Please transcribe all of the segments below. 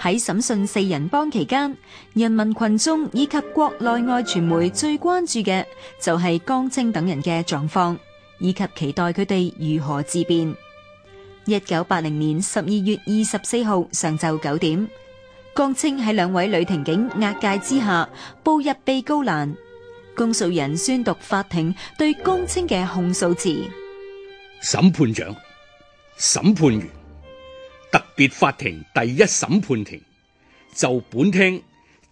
喺審訊四人幫期間，人民群眾以及國內外傳媒最關注嘅就係江青等人嘅狀況，以及期待佢哋如何自辯。一九八零年十二月二十四號上晝九點，江青喺兩位女庭警押解之下，步入被告欄，公訴人宣讀法庭對江青嘅控訴詞。審判長、審判員。特別法庭第一審判庭就本廳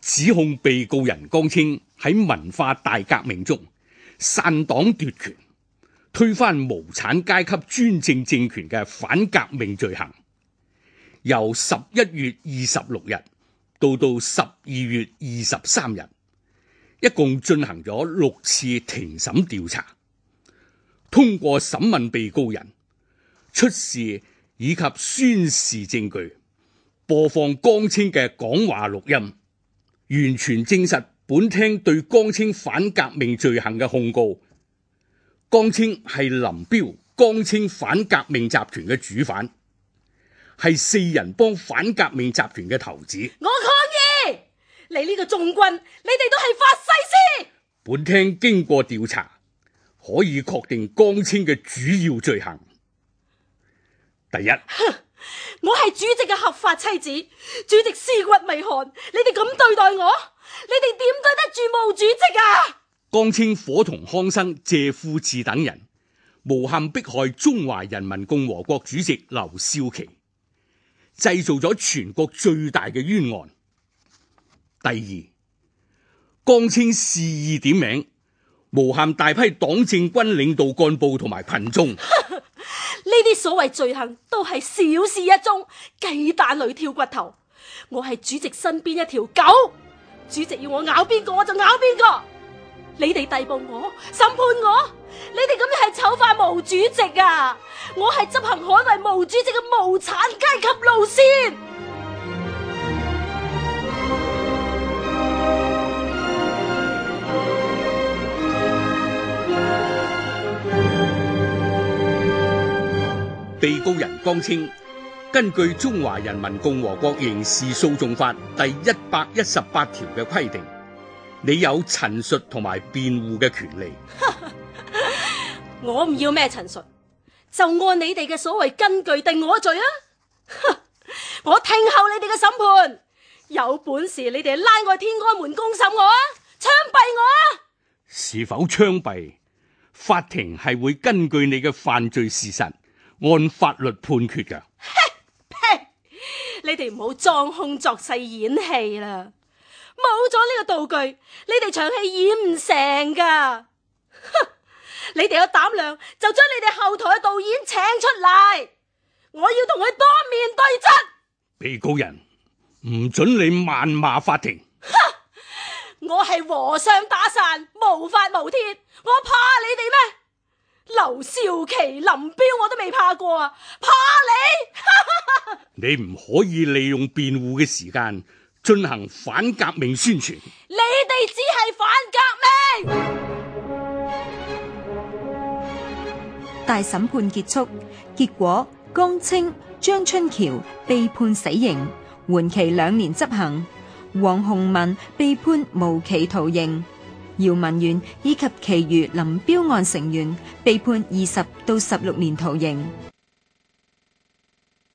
指控被告人江青喺文化大革命中篡黨奪權、推翻無產階級專政政權嘅反革命罪行，由十一月二十六日到到十二月二十三日，一共進行咗六次庭審調查，通過審問被告人、出示。以及宣示證據，播放江青嘅講話錄音，完全證實本廳對江青反革命罪行嘅控告。江青係林彪、江青反革命集團嘅主犯，係四人幫反革命集團嘅頭子。我抗議，你呢個眾軍，你哋都係法西斯。本廳經過調查，可以確定江青嘅主要罪行。第一，我係主席嘅合法妻子，主席屍骨未寒，你哋咁對待我，你哋點對得住毛主席啊？江青伙同康生、謝富治等人，誣陷迫害中華人民共和國主席劉少奇，製造咗全國最大嘅冤案。第二，江青示意點名，誣陷大批黨政軍領導幹部同埋群眾。 呢啲所謂罪行，都係小事一樁，雞蛋裏挑骨頭。我係主席身邊一條狗，主席要我咬邊個我就咬邊個。你哋逮捕我、審判我，你哋咁樣係醜化毛主席啊！我係執行捍衛毛主席嘅無產階級路綫。被告人江青，根據《中華人民共和國刑事訴訟法》第一百一十八條嘅規定，你有陳述同埋辯護嘅權利。我唔要咩陳述，就按你哋嘅所謂根據定我罪啊。我聽候你哋嘅審判，有本事你哋拉我去天安門公審我啊，槍斃我啊！是否槍斃？法庭係會根據你嘅犯罪事實。按法律判決噶，你哋唔好裝腔作勢演戲啦！冇咗呢個道具，你哋場戲演唔成噶。你哋有膽量就將你哋後台嘅導演請出嚟，我要同佢當面對質。被告人唔准你謾罵法庭。我係和尚打傘，無法無天，我怕你哋咩？劉少奇、林彪我都未怕過啊，怕你？ 你唔可以利用辯護嘅時間進行反革命宣傳。你哋只係反革命。 大審判結束，結果江青、張春橋被判死刑，緩期兩年執行；王洪文被判無期徒刑。姚文元以及其餘林彪案成員被判二十到十六年徒刑。